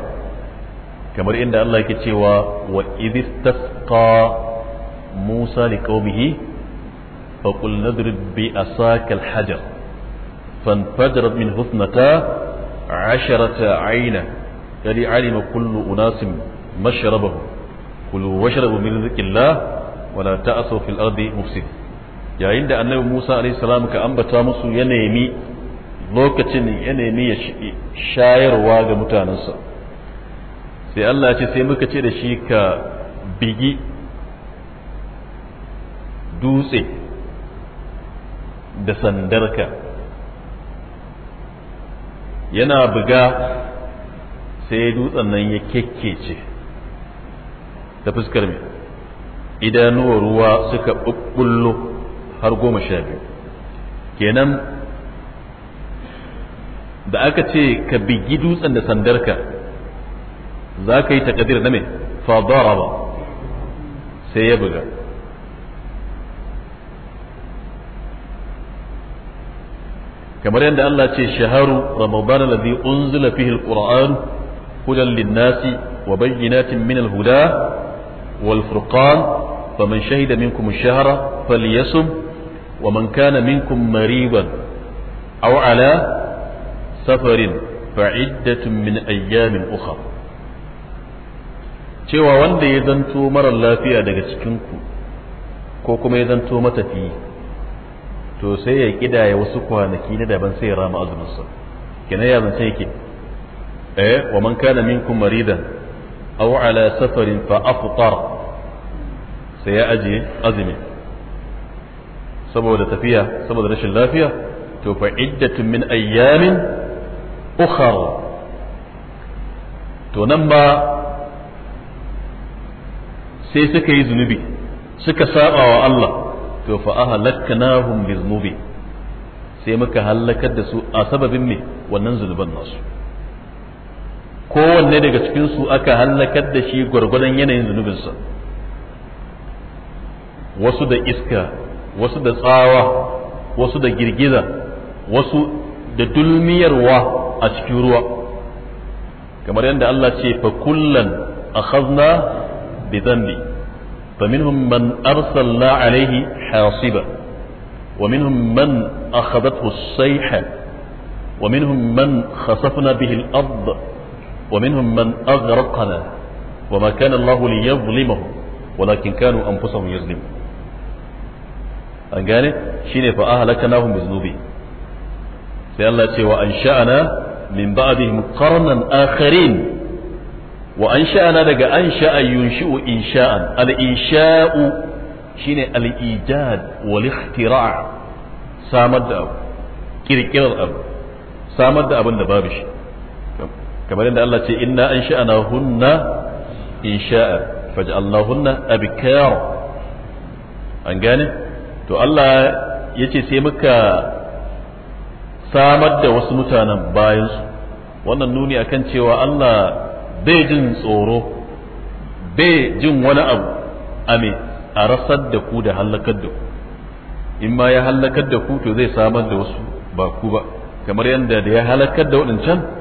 [SPEAKER 1] kamar inda Allah yake cewa wa idistasqa Musa liqaumihi fa qul nadrib bi asaka al-hajar فانفجرت منه اثنتا عشرة عينا dari alima yayin da annabi Musa alayhi salam ka ambata musu ya nemi lokacin yanayi nemi ya shayarwa ga mutanensa. sai Allah ya ce sai muka ce da shi ka bigi dutse da sandarka yana buga sai dutsen nan ya kekkece ta fuskar mai idanuwa ruwa suka ɓuɓɓullo har goma sha biyu kenan da aka ce ka bigi dutsen da sandarka za ka yi takadir na mai fadara ba sai ya buga kamar yadda Allah ce shaharu ramadan alladhi unzila fihi alquran هدى للناس وبينات من الهدى والفرقان فمن شهد منكم الشهر فليصم ومن كان منكم مريضا أو على سفر فعدة من أيام أخرى cewa wanda ya zanto marar lafiya daga cikinku ko kuma ya zanto matafiyi to sai ya kidaya wasu kwanaki na daban sai ya rama azuminsa kenan ya zance yake eh wa man kana minkum maridan aw ala safarin fa sai ajiye azumi saboda tafiya saboda rashin lafiya to fa iddatun min ayyamin ukhra to nan ba sai suka yi zunubi suka saba wa Allah to fa ahlaknahum bi sai muka halakar da su a sababin ne wannan zunuban nasu kowanne daga cikinsu aka hallakar da shi gwargwadon yanayin zunubinsa wasu da iska wasu da tsawa wasu da girgiza wasu da dulmiyarwa a cikin ruwa kamar yadda Allah ce fa kullan akhadna bi dhanbi فمنهم من أرسلنا عليه حاصبا ومنهم من أخذته الصيحة ومنهم من خسفنا به الأرض ومنهم من أغرقنا وما كان الله ليظلمهم ولكن كانوا أنفسهم يظلمون an gane shine fa ahlaknahum biznubi sai Allah ce wa ansha'ana min ba'dihim qarnan akharin wa ansha'ana daga ansha'a yunshi'u insha'an al insha'u shine al ijad wal ikhtira' samar da abu kirkirar abu samar da abin da babu shi kamar yadda Allah ce inna an na hunna in sha'a faj'alnahunna abkar an gane to Allah yace sai muka samar da wasu mutanen bayansu wannan nuni akan cewa Allah bai jin tsoro bai jin wani abu ame a rasar da ku da hallakar da ku in ma ya hallakar da ku to zai samar da wasu ba ku ba kamar yadda da ya halakar da waɗancan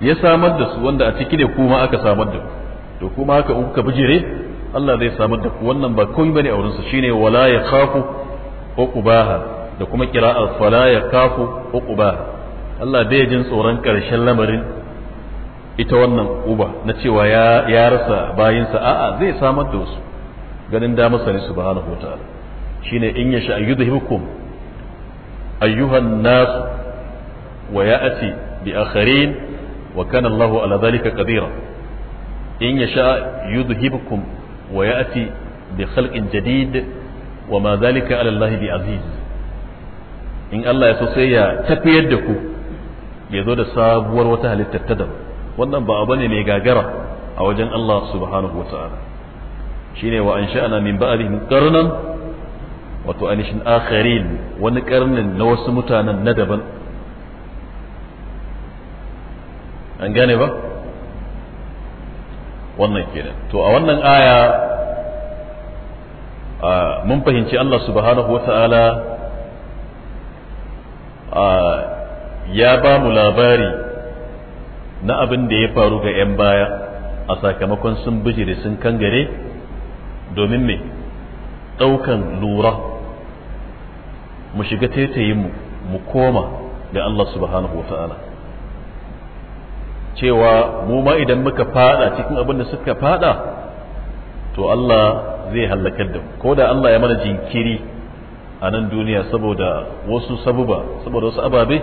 [SPEAKER 1] ya samar da su wanda a ciki ne kuma aka samar da ku to kuma haka in kuka bijire Allah zai samar da ku wannan ba komai bane a wurinsa shine wala ya khafu uqbaha da kuma qira'ar fala ya khafu uqbaha Allah bai jin tsoron karshen lamarin ita wannan uba na cewa ya ya rasa bayinsa a'a zai samar da wasu ganin da masa ne subhanahu wataala shine in yasha ayyudhibukum ayyuhan nas wa ya'ti bi akharin wa kana Allahu ala zalika qadira in yasha yudhhibukum wa ya'ti bi khalqin jadid wa ma zalika ala Allah bi in Allah ya so sai ya tafiyar da ku ya zo da sabuwar wata halittar ta daban wannan ba abu ne mai gagara a wajen Allah subhanahu wata'ala shine wa ansha'na min ba'dihim qarnan wato anishin akharin wani karnin na wasu mutanen na daban an gane ba wannan kenan to a wannan aya mun fahimci Allah subhanahu wa ta'ala ya ba mu labari na abin da ya faru ga 'yan baya a sakamakon sun bijire sun kangare domin me ɗaukan lura mu shiga taitayin mu mu koma ga Allah subhanahu wa ta'ala cewa mu ma idan muka fada cikin abin da suka fada to Allah zai halakar da ko da Allah ya mana jinkiri a nan duniya saboda wasu sabuba saboda wasu ababe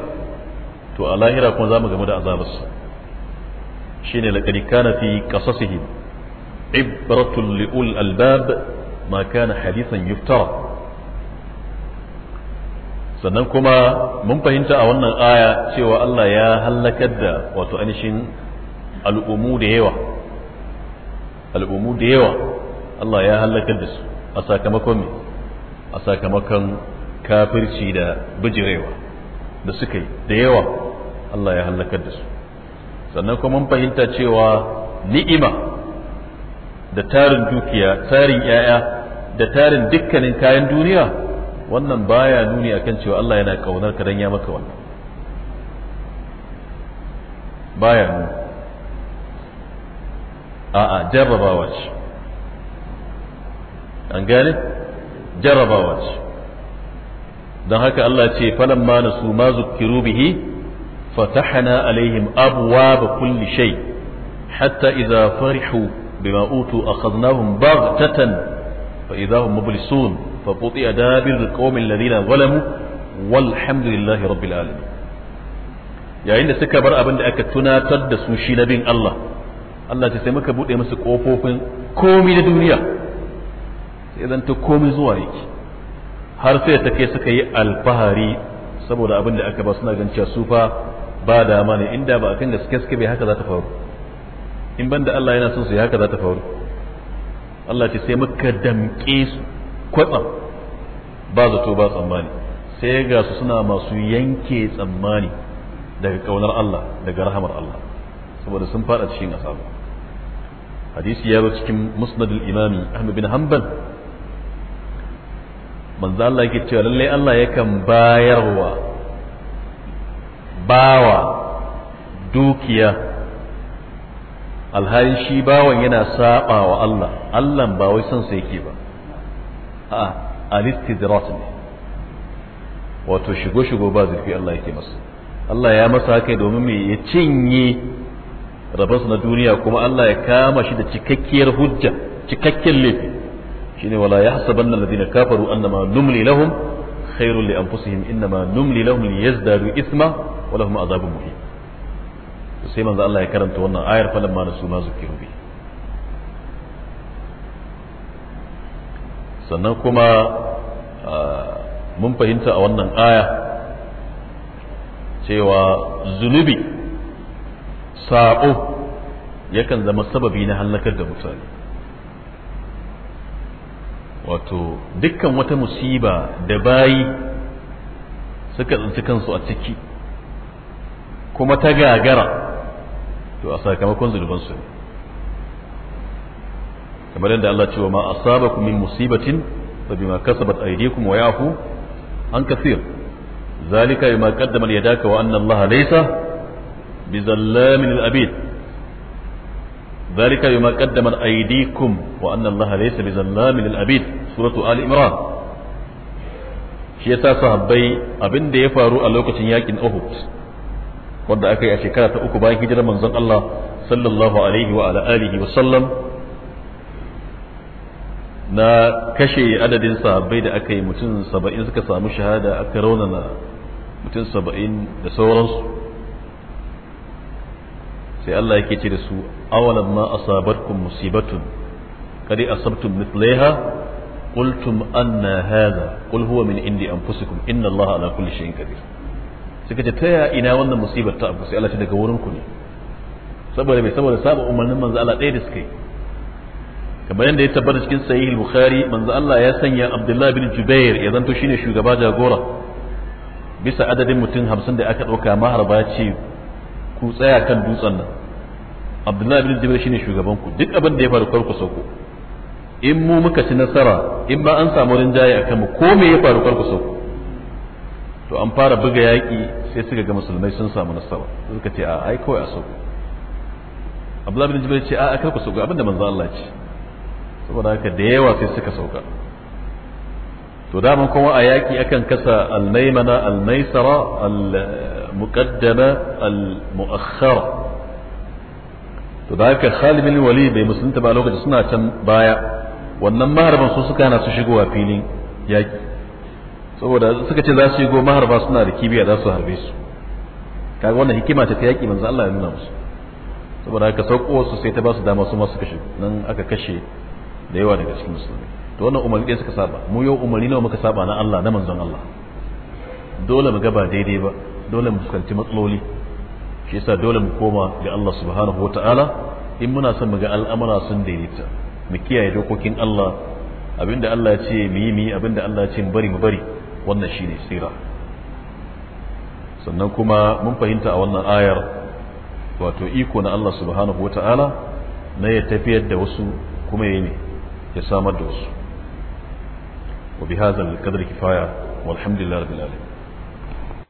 [SPEAKER 1] to a lahira kuma za mu gamu da azabarsa shine laqad kana fi qasasihim ibratun li'ul albab ma kana hadithan yuftara sannan kuma mun fahimta a wannan aya cewa Allah ya hallakar da wato ainihin al'umu da yawa al'umu da yawa Allah ya hallakar da su a sakamakon me a sakamakon kafirci da bijirewa da suka yi da yawa Allah ya hallakar da su sannan kuma mun fahimta cewa ni'ima da tarin dukiya tarin 'ya'ya da tarin dukkanin kayan duniya wannan baya nuni akan cewa Allah yana kaunar ka dan ya maka wannan baya nuni a'a jarrabawa ce an gane jarrabawa ce don haka Allah ce falan ma nasu ma bihi fatahna alaihim abwaaba hatta idza farihu bima utu akhadnahum baghtatan fa idza فقطع دابر القوم الذين ظلموا والحمد لله رب العالمين yayin da suka bar abin da aka tunatar da su shi na bin Allah Allah ta sai muka buɗe musu ƙofofin komi da duniya sai zan ta komi zuwa yake har sai ta kai suka yi alfahari saboda abin da aka ba suna gan cewa su fa ba da dama ne inda ba kan gaske suke bai haka za ta faru in banda Allah yana son su haka za ta faru Allah ce sai muka damƙe su kwatsam ba zato ba tsammani sai ga su suna masu yanke tsammani daga ƙaunar Allah daga rahamar Allah saboda sun fada cikin asaba hadisi ya zo cikin musnadul imami ahmad bin hanbal manzo Allah yake cewa lallai Allah yakan bayarwa bawa dukiya alhali shi bawan yana saɓa wa Allah Allah ba wai son sa yake ba a alistidrat ne wato shigo shigo ba zurfi Allah yake masa Allah ya masa haka domin mai ya cinye rabansa na duniya kuma Allah ya kama shi da cikakkiyar hujja cikakken laifi shine wala yahsabanna alladhina kafaru annama numli lahum khairul li anfusihim innama numli lahum liyazdadu isma wa lahum adhabun muhin sai manzo Allah ya karanta wannan ayar falamma nasu ma zukiru bi sannan kuma mun fahimta a wannan aya cewa zunubi saƙo yakan zama sababi na hallakar da mutane wato dukkan wata musiba da bayi suka tsinci kansu a ciki kuma ta gagara to a sakamakon zunubansu ne kamar yadda Allah cewa ma asabakum min musibatin fa bima kasabat aydikum wa yafu an kathir zalika bima qaddama yadaka wa anna Allah laysa bizallamin al-abid ذلك بما wa أيديكم وأن الله ليس بظلام للأبيد Suratu Ali إمران shi yasa sahabbai abin da ya faru a lokacin yakin Uhud wanda aka yi a shekara ta uku bayan hijirar manzon Allah sallallahu alaihi wa alihi wa sallam na kashe adadin sahabbai da aka yi mutum saba'in suka samu shahada aka raunana mutum saba'in da sauransu sai Allah yake ce da su awalan ma asabatkum musibatun kadi asabtum mithlaiha qultum anna hadha qul huwa min indi anfusikum inna Allah ala kulli shay'in qadir suka ce taya ina wannan musibar ta abu sai Allah ce daga wurin ku ne saboda bai saboda saba umarnin manzo Allah ɗaya da suka yi kamar yadda ya tabbata cikin sahih bukhari manzo Allah ya sanya Abdullah bin Jubair ya zanto shine shugaba jagora bisa adadin mutum hamsin da aka ɗauka maharba ce ku tsaya kan dutsen nan Abdullah bin Jubair shine shugaban ku duk abin da ya faru karku sauko in mu muka ci nasara in ba an samu rinjaye akan mu ko me ya faru karku sauko to an fara buga yaƙi sai suka ga musulmai sun samu nasara suka ce a ai kawai a sauko Abdullah bin Jubair ce a ku, sauko abinda manzo Allah ce saboda haka da yawa sai suka sauka to daman kuma a yaƙi akan kasa al-maimana al-maisara al-muqaddama al-mu'akhkhara to da haka Khalid bin Walid bai musulunta ba lokacin suna can baya wannan maharban su suka hana su shigowa filin yaƙi saboda suka ce za su shigo maharba suna da kibiya za su harbe su kaga wannan hikima ta yaƙi manzo Allah ya nuna musu saboda haka sauko su sai ta ba su dama su ma suka shigo nan aka kashe da yawa daga cikin musulmi to wannan umarni ɗaya suka saba mu yau umarni nawa muka saba na Allah na manzon Allah dole mu gaba daidai ba dole mu fuskanci matsaloli shi yasa dole mu koma ga Allah subhanahu wata'ala in muna son mu ga al'amura sun daidaita mu kiyaye dokokin Allah abinda Allah ya ce mu yi mu yi abinda Allah ya ce mu bari mu bari wannan shine sira sannan kuma mun fahimta a wannan ayar wato iko na Allah subhanahu wata'ala na ya tafiyar da wasu kuma ya yi ne ya samar da wasu wa bi hadha al-qadri kifaya walhamdulillahi rabbil alamin